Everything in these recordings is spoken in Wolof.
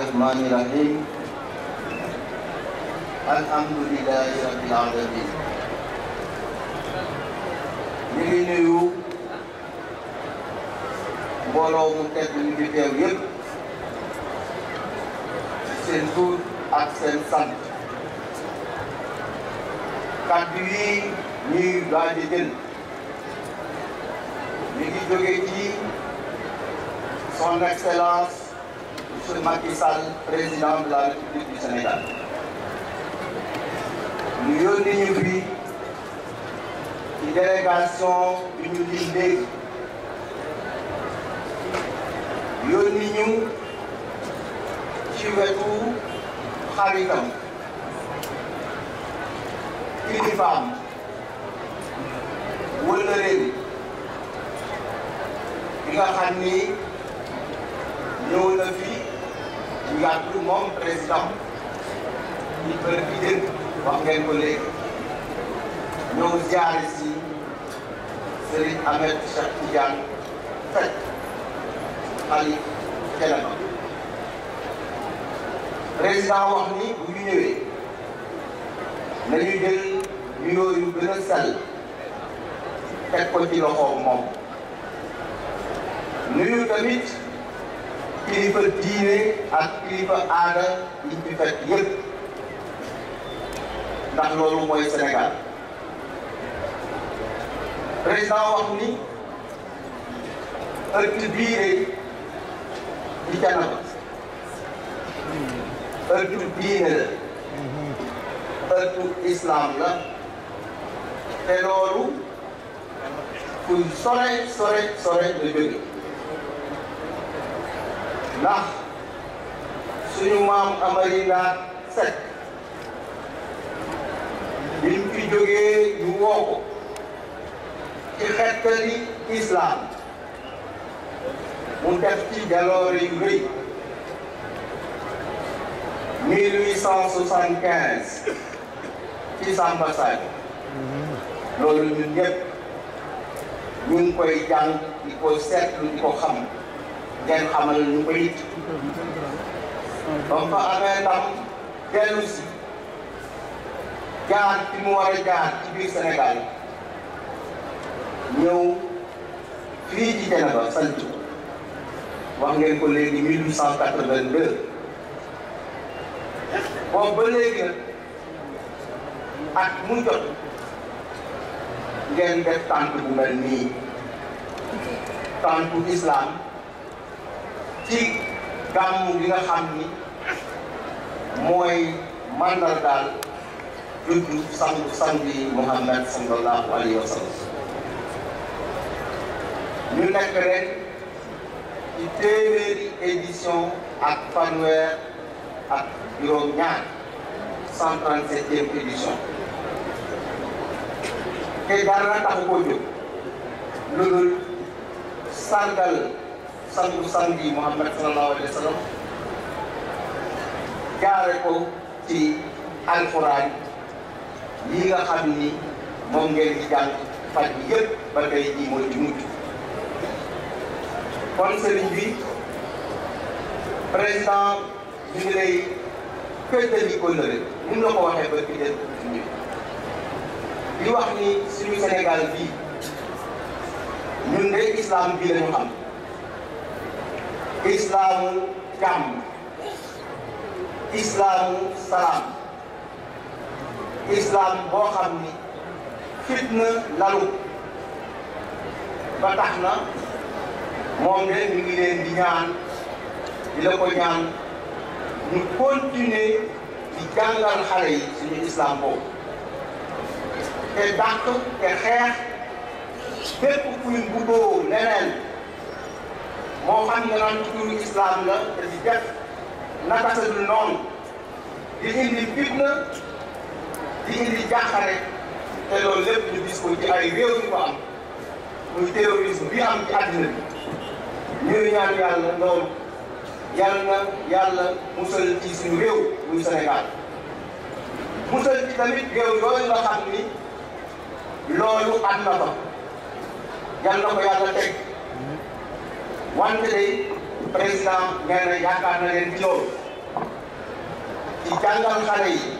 الرحمن الرحيم الحمد لله رب العالمين ñu ngi nuyu mbooloo mu tedd mi fi teew yëpp ak seen sant kàddu yi ñuy waaj a jël mi ngi jóge ci son ministre Macky Sall président de la République du Sénégal ñu yónni ñu fi ci délégation bi ñu lim léegi yónni ñu ci wetu xaritam kilifaam wëlëreem li nga xam ni yàgg moom président ñu bëri di dégg wax ngeen ko si Serigne Ahmed Cheikh Tidiane Seck Aliou Thielema président wax ni bu ñu ñëwee nañu jël nuyoo yu gën a sell teg ko ci loxoom moom nuyu tamit. kilifa diine ak kilifa aada yi yëpp ndax loolu mooy Sénégal président wax ni ëtt bii de di Thiénaba ëttu diine la ëttu islam la te loolu kuy sore sore sore la jóge ndax suñu maam amari nga sekk biñ fi jógee ñu woo ko ci xettali islam mu def ci jaloore yu rëy ci Samba loolu ñun ñëpp ñu koy jàng ko seetlu ko xam ngeen xamal ñu ko it ba mu ko amee tam dellu si jaar fi mu war a jaar ci biir Sénégal ñëw fii ci Thiénaba sant wax ngeen ko léegi 1882 boobu ba léegi ak mu jot ngeen def tànk bu mel nii tànku islam. ci gàmmu gi nga xam ni mooy màndargaal juddu sangu sangi Muhammad sallallahu alayhi wa sallam ñu nekk ren ci téeméeri édition ak fanweer ak juróom ñaar cent trente-septième édition te dara taxu ko jóg sargal sangu sang yi Muhammad sallallahu alayhi wa ko ci alquran yi nga xam ni moom ngeen di jàng faj bi ba tey jii mooy di kon sëriñ bi président ñu ngi lay féetali ko lële mun na ko waxee ba ci des ñun li wax ni suñu Sénégal bii ñun de islam bi la ñu xam. islaamu jàmm islaamu salaam islaam boo xam ni fitna lalu ba tax na moom de ñu ngi ñaan di la ko ñaan ñu continuer xale yi suñu islam boobu te dàq te xeex bépp kuy mbubboo leneen moo xam ne naan turu islam la te di def naka sa dul noonu di indi fitna di indi jàqare te loolu lépp ñu gis ko ci ay réew yu ko am muy terrorisme bi am ci àddina bi ñu ñaan yàlla loolu yàlla na yàlla musal ci suñu réew muy Sénégal musal ci tamit réew yooyu nga xam ni loolu am na fa yàlla na ko yàlla teg. wante day président nee na yaakaar na leen ci loolu ci jàngal xale yi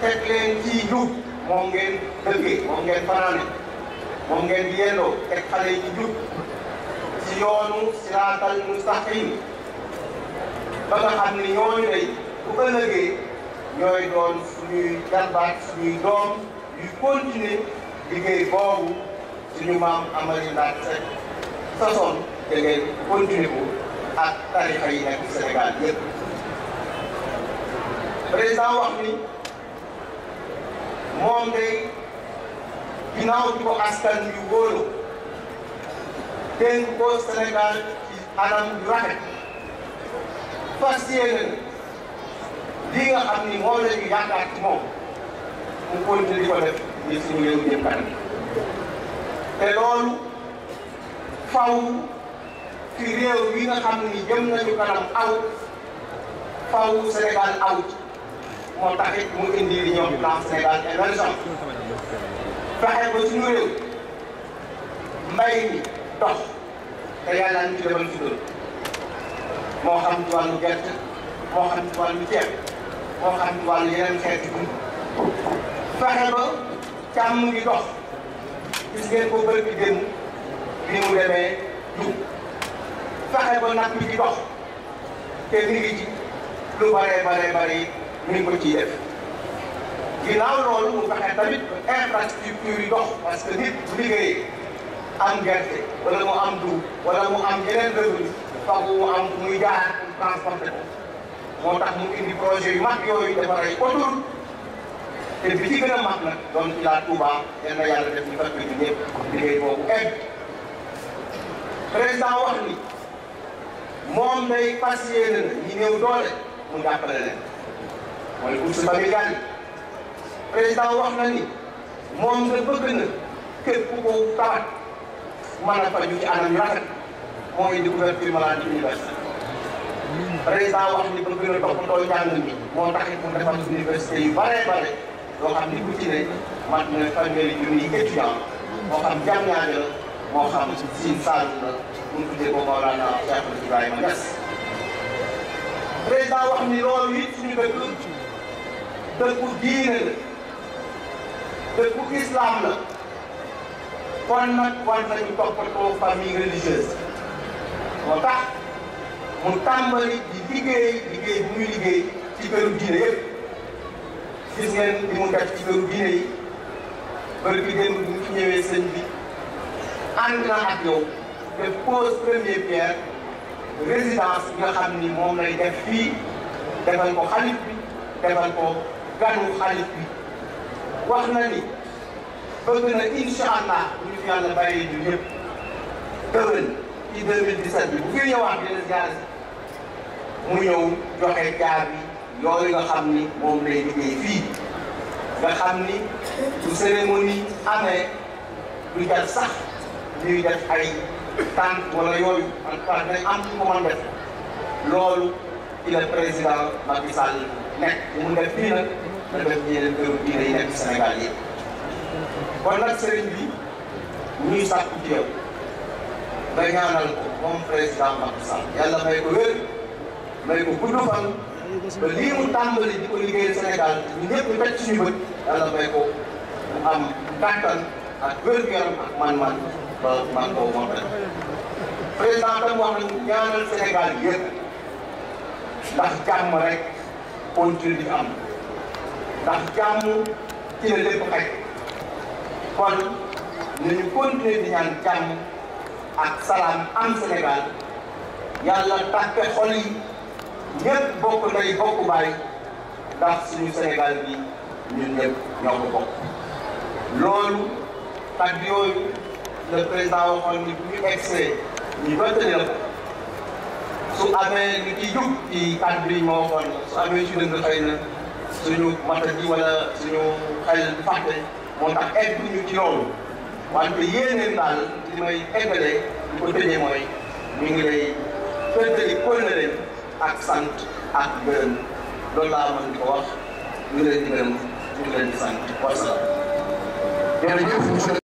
teg jub moom ngeen dëggee moom ngeen yendoo teg xale jub ci yoonu siraatal ba nga xam bu ëllëgee ñooy doon suñuy jarbaat suñuy doom yu continuer liggéey boobu suñu maam Amary façon da ngay continuer ko ak tarixa yi nekk Sénégal yëpp président wax ni moom day ginnaaw bi ko askan yu wóolu dénk ko Sénégal ci anam yu rafet fas yéene lii nga xam ni moom la ñu yaakaar ci moom mu continuer ko def ngir suñu réew jëm kanam te faw ci réew yi nga ni jëm nañu kanam aw faw Sénégal aw moo taxit mu indi li ñoom plan Sénégal émergent fexe réew mbay mi dox te yàlla ñu ci demal suñu moo xam ci wàllu gerte moo xam ci wàllu ceeb moo xam ci wàllu yeneen xeetu dund fexe ba càmm ngi dox gis ngeen ko bëri bi démb ni mu demee dugg fexe ba napp bi dox te mi ngi ci lu bare bare bare yi mi ngi ko ciy def ginnaaw loolu mu fexe tamit infrastructure yi dox parce que nit bu liggéeyee am gerte wala mu am dugub wala mu am yeneen revenu faaw mu am muy jaar transporté ko moo tax mu indi projet yu mag yooyu defar ay autoroute te bi ci gën a mag nag doon ci laa Touba yal na yàlla def ñu fekk ñu ñëpp liggéey boobu egg président wax ni moom day fas yéene na ñi néew doole mu jàppale leen mooy bourse familiale yi président wax na ni moom nga bëgg na kër ku ko taat mën a faju ci anam yu rafet mooy di couverture maladie universelle président wax ni bëgg na toppatoo njàng mi moo taxit mu defal université yu bare bare yoo xam ni ku ci ne mat na fanweeri junni étudiant moo xam jàng ñaar la moo xam Sine Saalum la bu ñu tuddee ko Mawlana Cheikh Ibrahima Niass président wax ni loolu it suñu dëkk dëkku diine la dëkku islam la kon nag war nañu toppatoo famille religieuse moo tax mu tàmbali di liggéey liggéey bu muy liggéey ci këru diine yëpp ngeen li mu def ci këru diine yi bërëb bi mu fi ñëwee sëñ bi. ànd na yow te pose première résidence bi nga xam ni moom lay def fii defal ko xalif bi defal ko ganu xalif bi wax na ni bëgg na incha allah ñu fi yàlla bàyyi ñu ñëpp déwén ci 2017 bi fi ñëwaat dina ziyaare mu ñëw joxe caabi yooyu nga xam ni moom lay fii nga ni du cérémonie amee du jar sax. ñuy def ay tànk wala yooyu en tout cas am lu ko mën def loolu ci la président Macky Sall nekk bu mu def fii nag na def yeneen këru diine yi nekk Sénégal yi kon nag sëriñ bi ñuy sàkku ci yow nga ñaanal ko moom président Macky Sall yàlla may ko wér may ko gudd fan ba lii mu tàmbali di ko liggéeyal Sénégal ñu ñëpp ñu teg suñu bët yàlla may ko mu am kàttan ak wér gu man-man ba man koo moom rek président tam wax nañu ñaanal Sénégal yëpp di am ndax jàmm ci la lépp xaj kon nañu continuer di ñaan jàmm ak salaam am Sénégal yàlla tàppe xol yi ñëpp bokk ndey bokk baay ndax suñu Sénégal bi ñun ñëpp ñoo bokk loolu ak yooyu le président waxoon ni bu ñu egsee ñu retenir su amee lu ci jub ci kàddu yi ma waxoon su amee ci dëng xëy na suñu mata ji wala suñu xel fàtte moo tax egg ñu ci loolu wante yéeneen daal li may eggalee lu ko tëjee mooy ñu ngi lay fëttali kóllëre ak sant ak gërëm loolu laa mën di ko wax ñu ngi leen di gërëm ñu ngi leen di sant wasalaam. jërëjëf monsieur